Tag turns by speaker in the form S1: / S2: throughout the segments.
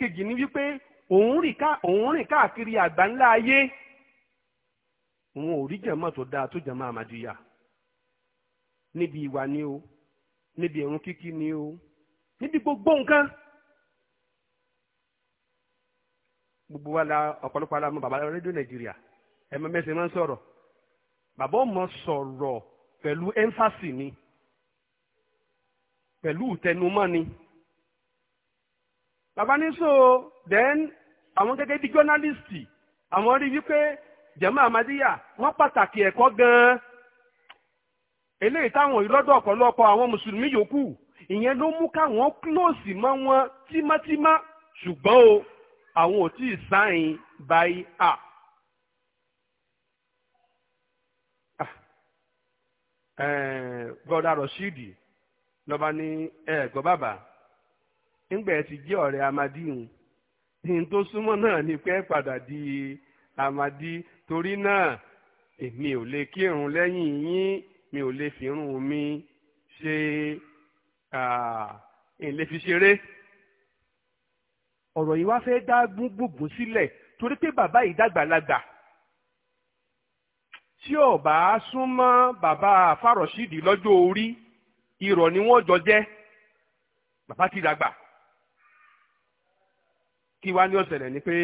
S1: ẹlẹ́ẹ̀kejì ni wípé òun rìn káàkiri àgbáńlá ayé òun ò rí jẹ̀mọ́ tó dáa tó jẹ̀mọ́ àmàdíyà níbi ìwà ni o níbi ìrun kíkí ni o níbi gbogbo nǹkan gbogbo wa la ọ̀pọ̀lọpọ̀ ala mọ̀ bàbá rédíò nàìjíríà ẹ̀mọ mẹ́sẹ̀ máa ń sọ̀rọ̀ bàbá ọmọ sọ̀rọ̀ pẹ̀lú ẹ́ńfàsì ni pẹ̀lú ìtẹnumọ́ ni bàbá ní so then àwọn gẹ́gẹ́ bí jọ́nálìstì àwọn rí wípé jẹ̀mọ́ àmàdíyà wọ́n pàtàkì ẹ̀kọ́ gan-an eléyìí táwọn ìlọ́dọ̀ ọ̀pọ̀lọpọ̀ àwọn mùsùlùmí yòókù ìyẹn ló mú káwọn kílòsì mọ́ wọn tímátímá ṣùgbọ́n o àwọn ò tí ì sáyìn báyìí à. brother Rashidi lọ́ba ní ẹ̀ẹ́gbọ́n bàbá ńgbà ẹ ti jẹ́ ọ̀rẹ́ amadi hùn ní tó súnmọ́ náà ni pé padà di amadi torí náà èmi ò lè kírun lẹ́yìn yín mi ò lè fìrun mi ṣe ẹ̀ lè fi ṣeré ọ̀rọ̀ yìí wá fẹ́ dá gbùngbùngbùn sílẹ̀ torí pé bàbá yìí dàgbàlagbà tí ò bá bàbá fárọ̀ṣídìí lọ́jọ́ orí irọ́ ni wọ́n jọ jẹ́ bàbá ti dàgbà kí wá ní ó ṣẹlẹ̀ ni pé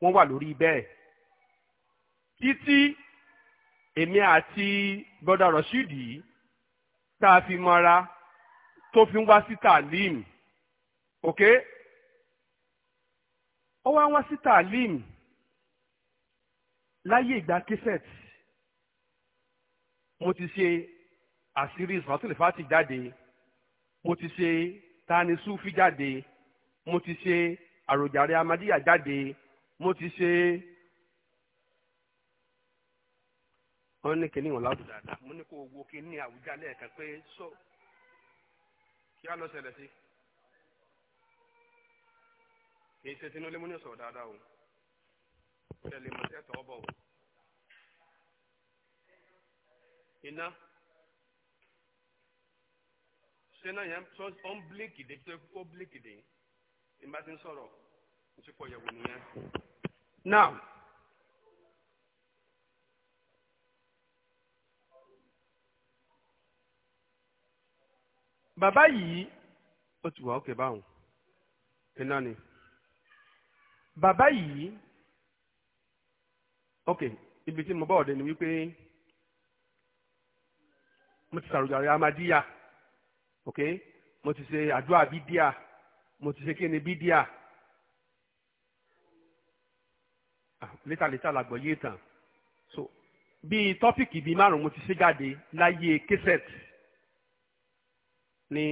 S1: wọ́n wà lórí bẹ́ẹ̀ títí èmi àti bọ́dà rọ́ṣídì tá a fi mọ́ra tó fi ń wá sí tàlíìm ok ó wá ń wá sí tàlíìm láyé ìgbà kẹsẹ̀t mo ti ṣe àṣírí ìsọ̀tìlẹ̀fà ti jáde mo ti ṣe tani súfì jáde mo ti ṣe àròjàre amadíyà jáde mo ti ṣe wọ́n ní kíní wọn láwùjọ dáadáa mo ní kó o wo kíní àwùjá lẹ́ẹ̀kan pé so kí á lọ ṣẹlẹ̀ sí kì í ṣe tinubu mo ní sọ̀rọ̀ dáadáa o ṣẹlẹ̀ mo tẹ́ tọ́ bọ̀ o iná ṣé náà yẹn sọ ọ́n bíléèkì dé tó kó bíléèkì ìgbà sọ̀rọ̀ mo pọ̀ yẹ̀wò nìyẹn. now bàbá yìí ó ti wà ókè báwọn iná ni bàbá yìí ókè ibi tí mo bá ọ̀dẹ ni wípé mo ti sàròjàre amadíyà ókè mo ti ṣe àdúrà bídíà. Okay? mo ti ṣe kí ni bídíà létàlétà ah, làgbọ̀ yé tàn so bíi tọ́pìkì bíi márùn-ún mo ti ṣe jáde láyé kẹsẹ̀t ní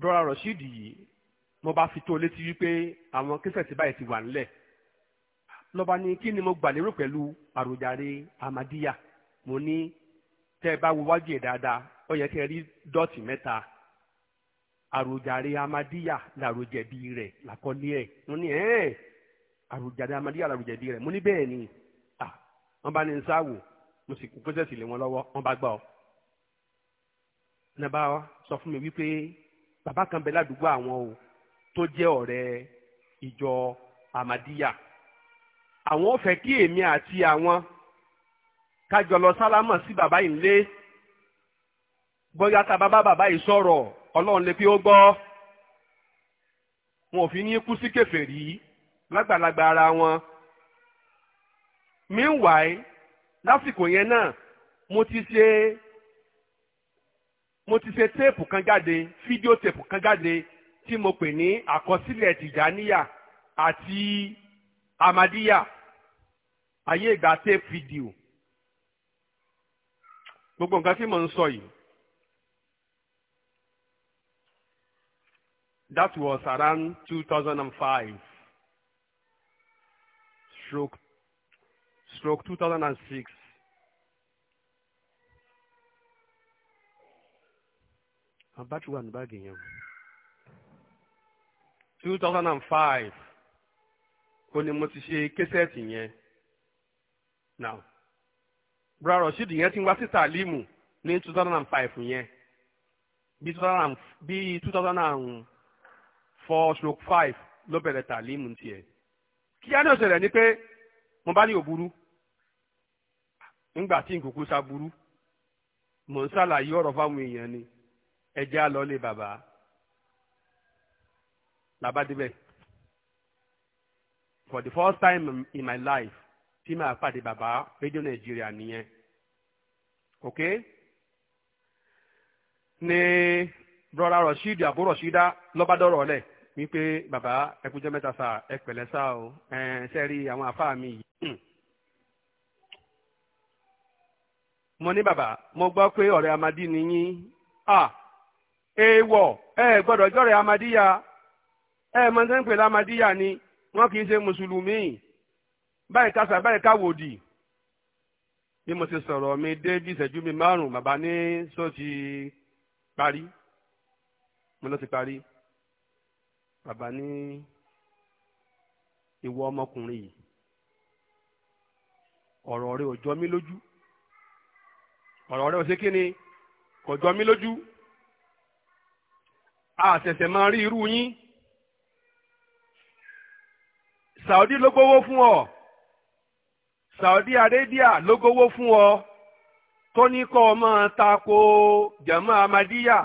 S1: dọ́ra rọ̀ṣídì yìí mo bá fi tó létí wípé àwọn kẹsẹ̀t báyìí ti wà nílẹ̀ lọ́ba ní kí ni mo gbà lérò pẹ̀lú àròjàre amadiya mo ní tẹ́ ẹ bá wo wájú ẹ̀ dáadáa ó yẹ kí ẹ rí dọ́ọ̀tì mẹ́ta àròjàre amadiya làròjẹ̀bi rẹ̀ làkọ́lé ẹ̀ mo ní ẹ́ẹ̀ àròjàre amadiya làròjẹ̀bi rẹ̀ mo ní bẹ́ẹ̀ ni à wọ́n bá ní n sáwò mo sì kú pẹ́sẹ̀sì lé wọn lọ́wọ́ wọ́n bá gbà ọ́. nàbà sọ fún mi wípé bàbá kan bẹ ládùúgbò àwọn o tó jẹ́ ọ̀rẹ́ ìjọ amadiya àwọn fẹ́ kí èmi àti àwọn kájọ lọ sálámà sí bàbá yìí lé bóyá tá a bá bá bàbá yìí sọ̀rọ̀ ọlọ́run lè fi ó gbọ́ wọn ò fi ní kú sí kèfèrí lágbàlagbà ara wọn. meanwhile lásìkò yẹn náà mo ti ṣe mo ti ṣe téèpù kan jáde fídíò téèpù kan jáde tí mo pè ní àkọsílẹ̀ tìjàníyà àti amadiya ayé ìgbà téèpù fídíò gbogbo nǹkan tí mo ń sọ yìí That was around 2005, stroke, stroke 2006. I'm About one bag eh? in 2005, ó ní mo ti ṣe késẹ́ẹ̀tì yẹn. Now, Bra Rasheed yẹn ti wá sí Tàlímù ní 2005 yẹn. Bí 2000 bí 2000 four stroke five ló bẹ̀rẹ̀ tàlímù tiẹ̀ kíá náà ṣẹlẹ̀ ni pé mo bá ní òburú ńgbà tí nkùkú sá burú mò ń ṣàlàyé ọ̀rọ̀ fáwọn èèyàn ni ẹjẹ́ á lọ lé bàbá làbádébẹ̀ for the first time in my life tí màá pàdé bàbá rédíò nàìjíríà nìyẹn ok ní brother Rasheed àbúrò Rasheeda lọ́bàdọ́rọ̀ ọ̀lẹ́ wípé bàbá ẹkújọ́ mẹ́ta sà ẹ pẹ̀lẹ́ sà o sẹ́rí àwọn àfáà mi yìí. mo ní bàbá mo gbọ́ pé ọ̀rẹ́ amadi ni yín à èèwọ̀ ẹ gbọ́dọ̀ jọ́rẹ̀ amadiya ẹ mọ ní sẹ́ńpẹ̀ lámadíyà ni wọ́n kì í ṣe mùsùlùmí báyìí kásà báyìí káwòdì bí mo ṣe sọ̀rọ̀ mi dé bí ìṣẹ́jú mi márùn-ún bàbá ní sọ́ọ̀tì parí mo lọ ti parí bàbá ní ìwọ ọmọkùnrin yìí ọ̀rọ̀ rẹ ò jọ mí lójú ọ̀rọ̀ rẹ ò ṣe kí ni kò jọ mí lójú a ṣẹ̀ṣẹ̀ máa rí irú yín Saudi ló gbowó fún ọ Saudi Arabia ló gbowó fún ọ tó ní kọ́ ko jẹ̀mọ́ Ahmadiyya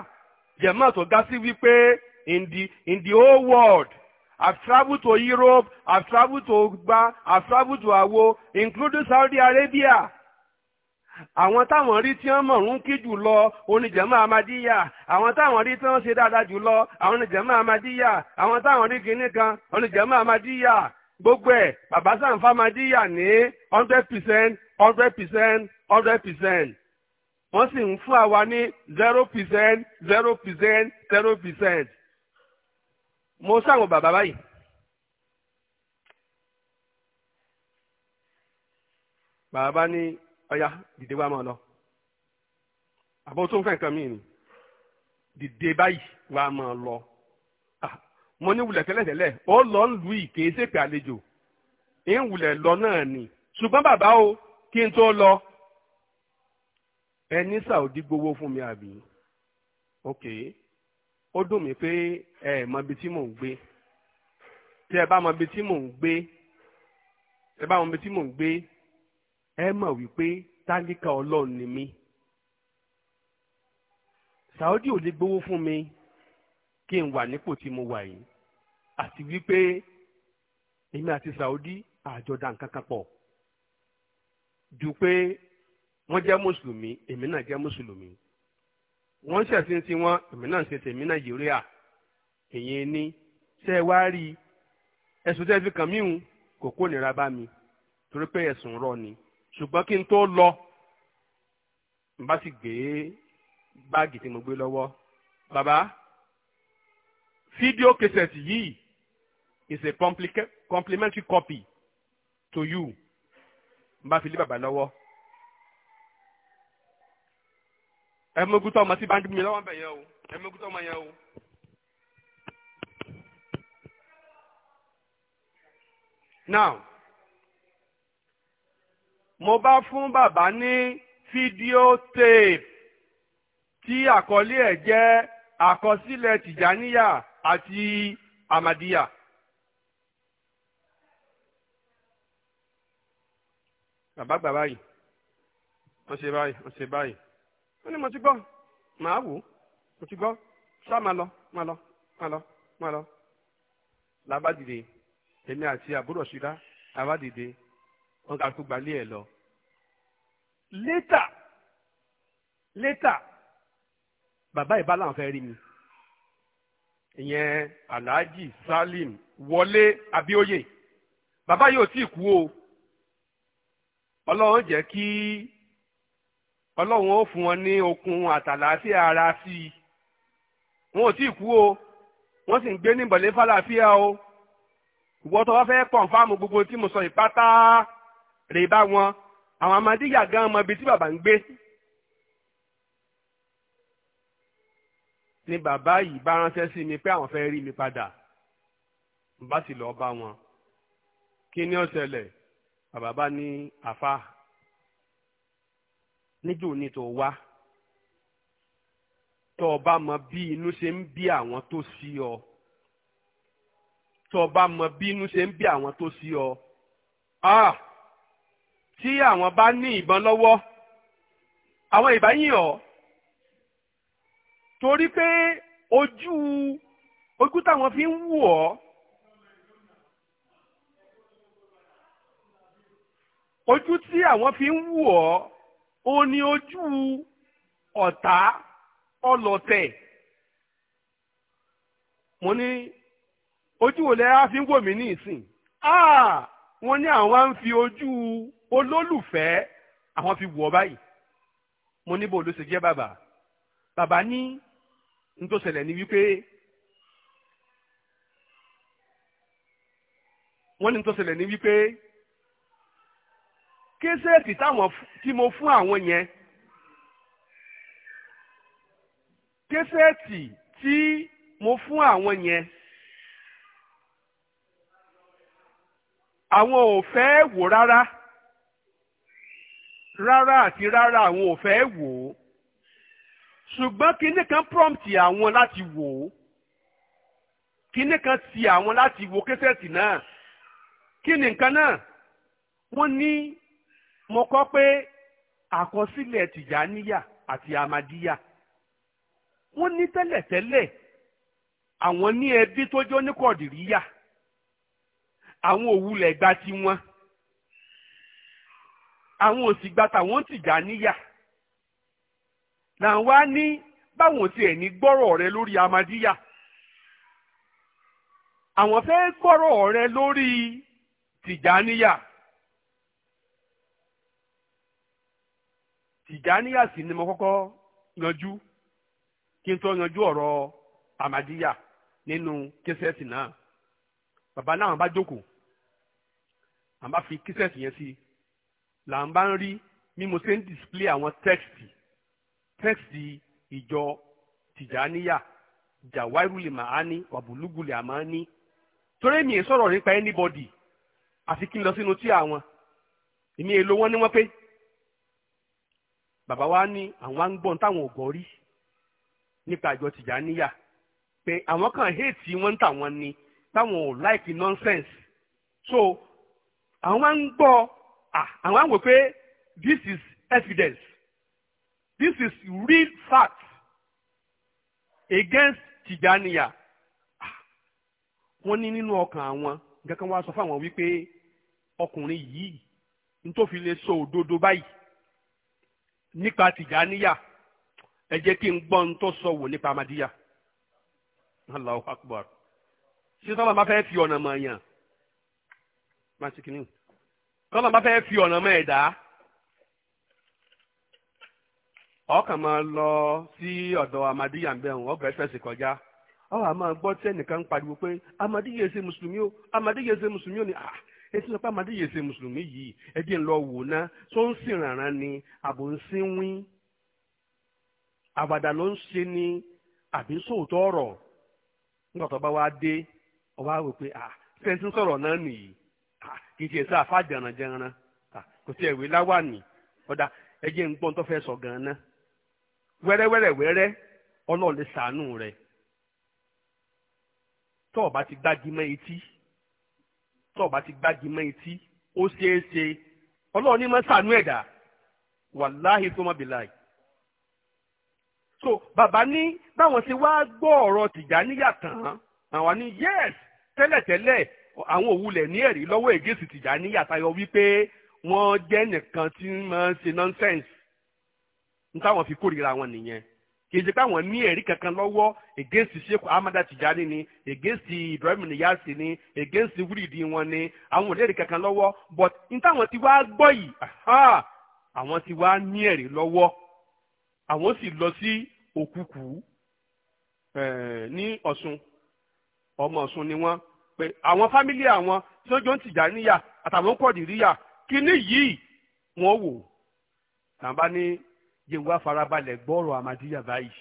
S1: jẹ̀mọ́ tó dá sí wípé in the in the whole world. I've traveled to Europe, I've traveled to Ogba, I've traveled to Awo, including Saudi Arabia. Àwọn táwọn rí tí wọ́n mọ̀rún kí jù lọ oníjàmá Amadíyà. Àwọn táwọn rí tí wọ́n ṣe dáadáa jù lọ àwọn oníjàmá Amadíyà. Àwọn táwọn rí kinní kan oníjàmá Amadíyà. Gbogbo ẹ̀ bàbá sàǹfà Amadíyà ní hundred percent hundred percent hundred percent wọ́n sì ń fún àwa ní zero percent zero percent zero percent mo sáwọn bàbá báyìí. bàbá ní ọya dìde wá máa lọ àbọ̀ tó ń fẹ́ nǹkan mìíràn dìde báyìí wá máa lọ ah, mo ní wulẹ̀ tẹ́lẹ̀tẹ́lẹ̀ ó lọ ń lu ìké sèpè àlejò ń wulẹ̀ lọ náà ni ṣùgbọ́n bàbá o kí n tó lọ ẹni sàòdì gbowó fún mi àbí ok ó dùn mí pé ẹ mọ ibi tí mò ń gbé tí ẹ bá mọ ibi tí mò ń gbé ẹ bá mọ ibi tí mò ń gbé ẹ mọ̀ wípé tálíkà ọlọ́run ni mí Saudi ò lè gbowó fún mi kí n wà nípò tí mo wà yìí àti wípé èmi àti Saudi àjọdá nǹkan kan pọ̀ ju pé wọ́n jẹ́ mùsùlùmí èmi náà jẹ́ mùsùlùmí wọ́n ṣẹ̀sìn tí wọ́n èmi náà ṣe tèmi nàìjíríà èyí ni ṣe wá rí ẹ̀sùn tẹ́ fi kàn mí hùn kò kó nira bá mi torí pé ẹ̀sùn rọ ni ṣùgbọ́n kí n tó lọ n bá sì gbé báàgì tí mo gbé lọ́wọ́ bàbá fídíò kẹsẹ̀tì yìí is a complimentary copy to you n bá fi lé bàbá lọ́wọ́ ẹ mógútọ́ ọmọ tí bá ń dúpọ̀ mi lọ́wọ́ bẹ̀ o ẹ mógútọ́ ọmọ yẹn o. now mo bá fún bàbá ní fídíò tape tí àkọlé ẹ̀ jẹ́ àkọsílẹ̀ tìjàníyà àti àmàdíyà. bàbá gbà báyìí wọ́n ṣe báyìí wọ́n ṣe báyìí wọ́n ní mo ti gbọ́ màá wò mo ti gbọ́ ṣá máa lọ máa lọ máa lọ máa lọ. làbádìde èmi àti àbúrò ṣíra làbádìde wọn kà tó gbalé ẹ lọ. létà létà bàbá ìbá làwọn fẹ́ rí mi ìyẹn alhaji salim wọlé abíóyè bàbá yóò tí ì kú o ọlọ́run jẹ́ kí ọlọ́run ó fún wọn ní okun àtàlàáfíà ara sí i wọn ò tí ì kú o wọ́n sì ń gbé níbọ̀lé fàlàáfíà o ìwọ́n tó wá fẹ́ kọ̀ǹfàmù gbogbo tí mo sọ ìpátá rè bá wọn àwọn amadíyà gan mọ ibi tí bàbá ń gbé. ni bàbá yìí bá ránṣẹ́ sí mi pé àwọn fẹ́ rí mi padà n bá sì lọ bá wọn kí ni ó ṣẹlẹ̀ bàbá bá ní àfa níjó ní tó wá tó o bá mọ bí inú ṣe ń bí àwọn tó sí ọ tó o bá mọ bí inú ṣe ń bí àwọn tó sí ọ ah tí àwọn bá ní ìbọn lọ́wọ́ àwọn ìbá yìn ọ́ torí pé ojú ojú táwọn fi ń wù ọ́ ojú tí àwọn fi ń wù ọ́ ó ní ojú ọ̀tá ọlọ̀tẹ̀ mo ní ojú wo lẹ́yà fi ń wò mí ní ìsìn ah, wọ́n ní àwọn ń fi ojú olólùfẹ́ àwọn fi wò ọ báyìí mo ní bò ló ṣe jẹ́ bàbá bàbá ní n tó ṣẹlẹ̀ ní wípé wọ́n ní n tó ṣẹlẹ̀ ní wípé kéṣẹ́ẹ̀tì táwọn tí mo fún àwọn yẹn kéṣẹ́ẹ̀tì tí mo fún àwọn yẹn àwọn ò fẹ́ wò rárá rárá àti rárá àwọn ò fẹ́ wò ó ṣùgbọ́n kinní kan prompt àwọn láti wò ó kinní kan ti àwọn láti wo kéṣẹ́ẹ̀tì náà kí ni nǹkan náà wọ́n ní mo kọ pé àkọsílẹ̀ tìjàníyà àti amadíyà wọ́n ní tẹ́lẹ̀tẹ́lẹ̀ àwọn ní ẹbí tó ní kọ̀dìríyà àwọn òwúlẹ̀ gba àwọn òsì gba tàwọn tìjàníyà làwọn á ní báwọn ti ẹ̀ ní gbọ́rọ̀ rẹ lórí amadíyà tìjàníyà sì ni mo kọ́kọ́ yanjú kí n tó yanjú ọ̀rọ̀ amadiya nínú kíṣẹ́ẹ̀sì náà bàbá náà bá jókòó à ń bá fi kíṣẹ́ẹ̀sì yẹn sí i là ń bá ń rí bí mo ṣe ń display àwọn tẹ́kìtì tẹ́kìtì ìjọ tìjàníyà jàwáìrúlì màání wàbùlùgùlì àmání torí mi ì sọ̀rọ̀ nípa anybody àti kí n lọ sínú tí àwọn èmi èlò wọn ni wọ́n pé bàbá wa ní àwọn àgbọ̀n táwọn ò gọ́ rí nípa àjọ Tìjàníyà pé àwọn kan hate wọn táwọn ni táwọn ò like nonsense so àwọn à ń gbọ́ àwọn à ń wò pé this is evidence this is real fact against Tìjàníyà wọ́n ní nínú ọkàn àwọn nǹkan kan wá sọ fún àwọn wípé ọkùnrin yìí n tó fi lè sọ òdodo báyìí nípa tìjàníyà ẹ jẹ́ kí n gbọ́ ohun tó sọ wò nípa amadíyà Allahu Akbar ṣé sọ́nà fẹ́ fi ọ̀nà mọ̀ yàn máa ṣe kìnnìún fẹ́ fi ọ̀nà mọ̀ ẹ̀dá ọkàn máa lọ sí ọ̀dọ̀ amadíyà ń bẹ̀ kọjá gbọ́ pariwo pé amadíyà mùsùlùmí o amadíyà mùsùlùmí o ni ah, esi ti sọ pé amadéyè ṣe mùsùlùmí yìí ẹ ń lọ wò ná tó ń sìn ni àbò ń sín wín àbàdà ló ṣe ni àbí sóòótọ́ ọ̀rọ̀ nígbà tó bá ọba rò pé à sẹ́ńtì sọ̀rọ̀ náà nìyí kì í ṣe sá àfa kò sí ẹ̀wé láwàní ọ̀dà ń gbọ́n tó fẹ́ sọ gan ná tó o bá ti gbági mọ́ etí ó ṣeé ṣe ọlọ́run ní máa ṣàánú ẹ̀dá wàláhì tó má bìláì. so bàbá ní báwọn ṣe wá gbọ́ ọ̀rọ̀ tìjàníyà tán àwọn ní yes tẹ́lẹ̀tẹ́lẹ̀ àwọn òwúlẹ̀ ní ẹ̀rí lọ́wọ́ ègèsì tìjàníyà tayọ wípé wọ́n jẹ́ nìkan tí máa ń ṣe nonsense ní táwọn fi kórìíra wọn nìyẹn kìí ṣe pé àwọn ní ẹ̀rí kankan lọ́wọ́ against sheikh ahmadu tijani ni against ibrahim niyasi ni against wúrìdì wọn ni àwọn ò lẹ́rí kankan lọ́wọ́ but n táwọn ti wá gbọ́ yìí àwọn ti wá ní ẹ̀rí lọ́wọ́ àwọn sì lọ sí òkùkù eh, ní ọ̀ṣun ọmọ ọ̀ṣun ni wọ́n pé àwọn fámílì àwọn tí wọ́n jọ ń tìjàníyà àtàwọn kọ̀dìríyà kíní yìí wọ́n wò tàbá ní jẹ́ ń wá farabalẹ̀ gbọ́rọ̀ àmàdíyà báyìí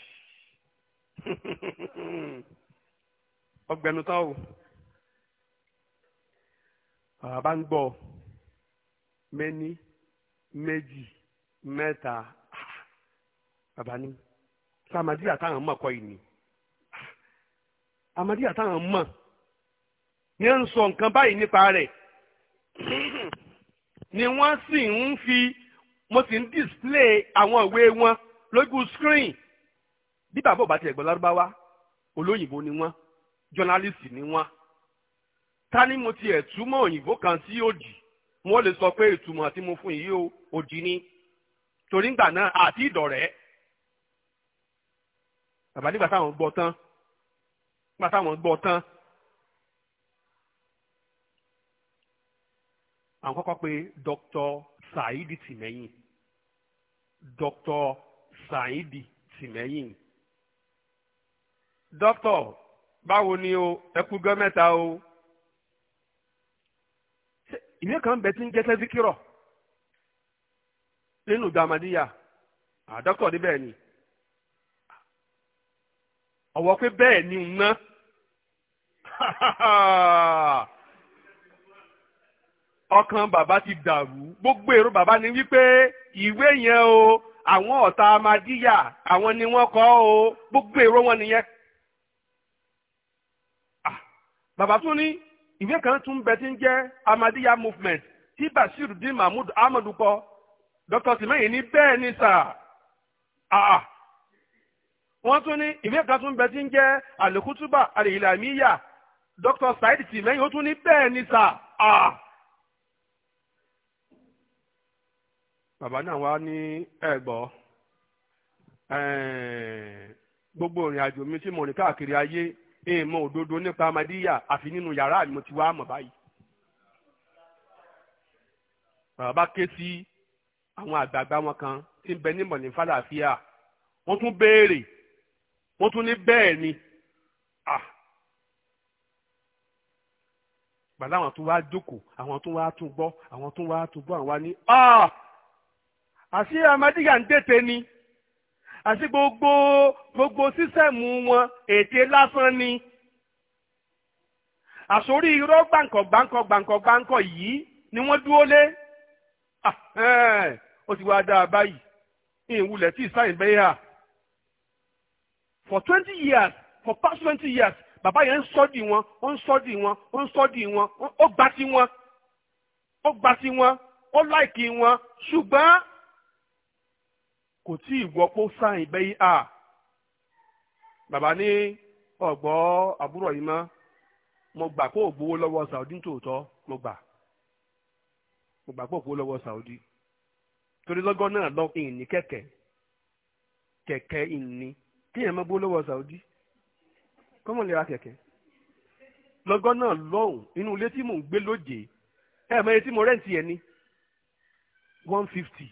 S1: ọgbẹnután o bàbá ń gbọ́ mẹ́ni méjì mẹ́ta bàbá ní sàmàdíyà táwọn mọ̀ kọ́ ìní àmàdíyà táwọn mọ̀ ní ń sọ nǹkan báyìí nípa rẹ̀ ni wọ́n sì ń fi mo sì ń display àwọn ìwé wọn lójú screen bí bàbá òbá tiẹ̀ gbọ́ lárúbáwá olóyìnbó ni wọ́n journalist ni wọ́n ta ni mo tiẹ̀ túmọ̀ òyìnbó kan sí òdì wọ́n lè sọ pé ìtumọ̀ tí mo fún yìí o òdì ni torí ngbà náà àti ìdọ̀rẹ́ bàbá nígbà táwọn gbọ́ tán nígbà táwọn gbọ́ tán àwọn kọ́kọ́ pé Dr saidi tìmẹ́yìn dr saidi tìmẹ́yìn dr báwo ni o ẹ kú gán mẹ́ta o ìwé kan bẹ tí ń jẹ́ tẹ́síkírọ̀ nínú gbàmàdíyà àdọ́kọ̀ níbẹ̀ ni ọ̀wọ́ pé bẹ́ẹ̀ ni ń ná ọkàn bàbá ti dàrú gbogbo èrò bàbá ni wípé ìwé yẹn o àwọn ọ̀tá amadíyà àwọn ni wọ́n kọ o gbogbo èrò wọn nìyẹn. bàbá tún ní ìwé kan tún bẹ tí ń jẹ́ amadíyà movement tí Bashir Di Mahmood Amadu kọ Dr. Simeyin ní bẹ́ẹ̀ ni sà wọ́n tún ní ìwé kan tún bẹ tí ń jẹ́ àlòkútúbà àlèyìnlàmíyà Dr. Said Simeyin ó tún ní bẹ́ẹ̀ ni sà. Ah. bàbá náà wá ní ẹ̀gbọ́ gbogbo ìrìn àjò mi tí mo rìn káàkiri ayé èèmọ̀ òdodo nípa amadíyà àfi nínú yàrá mo ti wá mọ̀ báyìí. bàbá ké sí àwọn àgbààgbà wọn kan tí ń bẹ ní mọ̀lẹ́ fàlàáfíà wọ́n tún béèrè wọ́n tún ní bẹ́ẹ̀ ni. gbàdá àwọn tó wá jókòó àwọn tó wá tún gbọ́ àwọn tó wá tún gbọ́ àwọn wá ní àti amadiya ń tètè ni àti gbogbo gbogbo sísẹ̀mù wọn ète lásán ni àsórí irọ́ gbàǹkọ̀ gbàǹkọ̀ gbàǹkọ̀ gbàǹkọ̀ yìí ni wọ́n dúró lé ah, ó ti wá dáa báyìí ìwúlẹ̀ tí ìsáyìn bẹ́ẹ̀ hà for twenty years for past twenty years bàbá yẹn ń sọ́dì wọn ó ń sọ́dì wọn ó ń sọ́dì wọn ó gbà sí wọn ó gbà sí wọn ó láìkì wọn ṣùgbọ́n kò tí ì wọ́pọ̀ sáyìn bẹ́yì à bàbá ní ọ̀gbọ́ àbúrò yìí mọ́ mo gbà kó o gbowó lọ́wọ́ Saudi tòótọ́ mo gbà mo gbà kó o gbowó lọ́wọ́ Saudi torí lọ́gọ́ náà lọ ìní kẹ̀kẹ́ kẹ̀kẹ́ ìní kéèyàn má gbowó lọ́wọ́ Saudi kọ́mọ̀ lè ra kẹ̀kẹ́ lọ́gọ́ náà lọ́hùn inú ilé tí mò ń gbé lóje ẹ̀ tí mo rẹ́ǹtì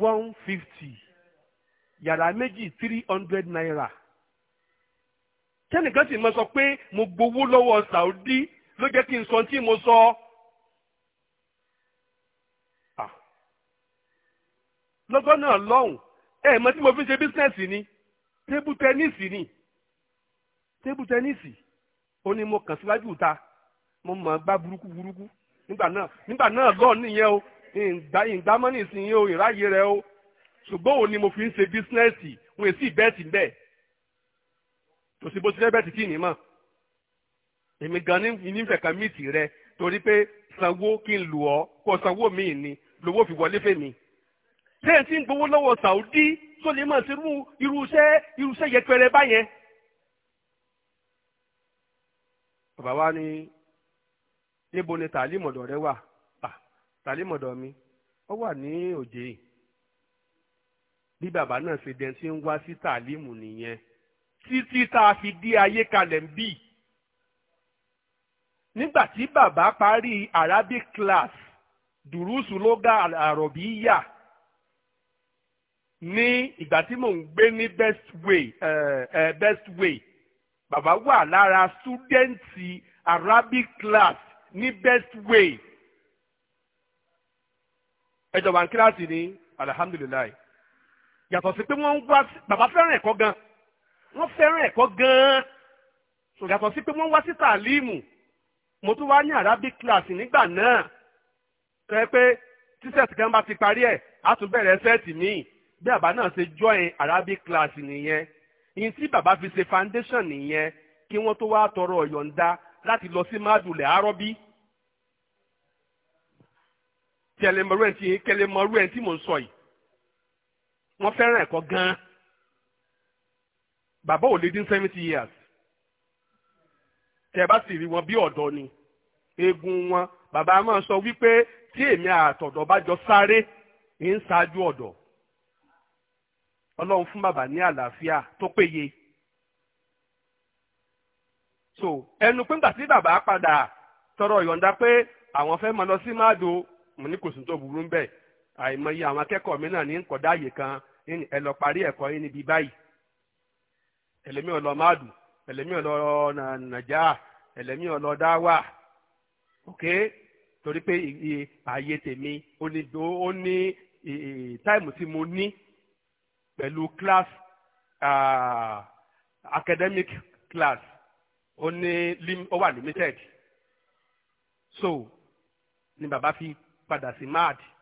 S1: one fifty yàrá méjì three hundred naira kẹ́nìkan sì mọ sọ pé mo gbowó lọ́wọ́ Saudi ló jẹ́ kí n sọ tí mo sọ. lọ́gọ́ náà lọ́hùn ẹ̀ mọ tí mo fi ṣe bísínẹ́sì ni tébù tẹ́níìsì ni tébù tẹ́níìsì ó ní mo kàn síwájú ta mo mọ̀ gbá burúkú burúkú nígbà náà nígbà náà lọ́ọ̀ nìyẹn o ìgbà ìgbà mọ́nì sí yín o ìráyè rẹ o ṣùgbọ́n òun ni mo fi ń ṣe bísínẹ́sì wọn èsì bẹ́ẹ̀tì ń bẹ̀ kò sí bó ti fẹ́ bẹ́ẹ̀tì kí ni mọ̀ èmi gan ní nífẹ̀ẹ́ kan míìtì rẹ torí pé sanwó kí n lù ọ́ kó sanwó mi ni lówó fi wọlé fèmí tẹ́ẹ̀ tí ń gbowó lọ́wọ́ Saudi tó lè mọ̀ sí irúṣẹ́ irúṣẹ́ yẹpẹrẹ báyẹn bàbá wa ní níbo ni tàlímọ̀dọ̀ rẹ wà tàlímọ̀dọ̀ mi ó wà ní òjè bí bàbá náà ṣe dẹ́n tí ń wá sí tàlímù nìyẹn títí tá a fi dí ayé kalẹ̀ ń bì nígbà tí bàbá parí Arabic class dùrúsù lóga àròbíyà ní ìgbà tí mò ń gbé ní best way uh, uh, best way bàbá wà lára súdẹ́ǹtì Arabic class ní best way ẹjọ wà ní kíláàsì ni alihamudulilayi yàtọ̀ sí pé wọ́n ń wá bàbá fẹ́ràn ẹ̀kọ́ gan wọ́n fẹ́ràn ẹ̀kọ́ gan so yàtọ̀ sí pé wọ́n wá sí tàlíìmù mo tún wá ní arabic class nígbà náà tẹ́ pé tíṣẹ̀tì kan bá ti parí ẹ̀ á tún bẹ̀rẹ̀ sẹ́ẹ̀tì míì bí bàbá náà ṣe join arabic class nìyẹn ìyẹn tí bàbá fi ṣe foundation nìyẹn kí wọ́n tó wá tọrọ ọ̀yọ̀ǹda láti lọ sí mádùlẹ̀ àrọ́bí kẹlẹmọrú ẹ̀ tí kẹlẹmọrú ẹ̀ tí mò ń sọ yìí wọ́n fẹ́ràn ẹ̀kọ́ gan-an bàbá ò lè dín seventy years tẹ́ bá sì rí wọn bí ọ̀dọ́ ni eegun wọn bàbá máa sọ wípé tí èmi àtọ̀dọ̀ bá jọ sáré ní ń ṣáájú ọ̀dọ̀ ọlọ́run fún bàbá ní àlàáfíà tó péye so ẹnu pé ńgbà tí bàbá padà tọrọ ìyọ̀ǹda pé àwọn fẹ́ máa lọ sí máàdó mo ní kò sí tó burú ń bẹ̀ àìmọye àwọn akẹ́kọ̀ọ́ mi náà ní nkọ̀dá àyè kan ẹ lọ parí ẹ̀kọ́ yín níbi báyìí ẹlẹ́mi ọ̀lọ́ máàdù ẹlẹ́mi ọ̀lọ́ nàjà ẹlẹ́mi ọ̀lọ́ dáwà ok torí pé ààyè tèmi ó ní táìmù tí mo ní pẹ̀lú class uh, academic class ó ní ó wà limited so ni bàbá fi padà sí máàdì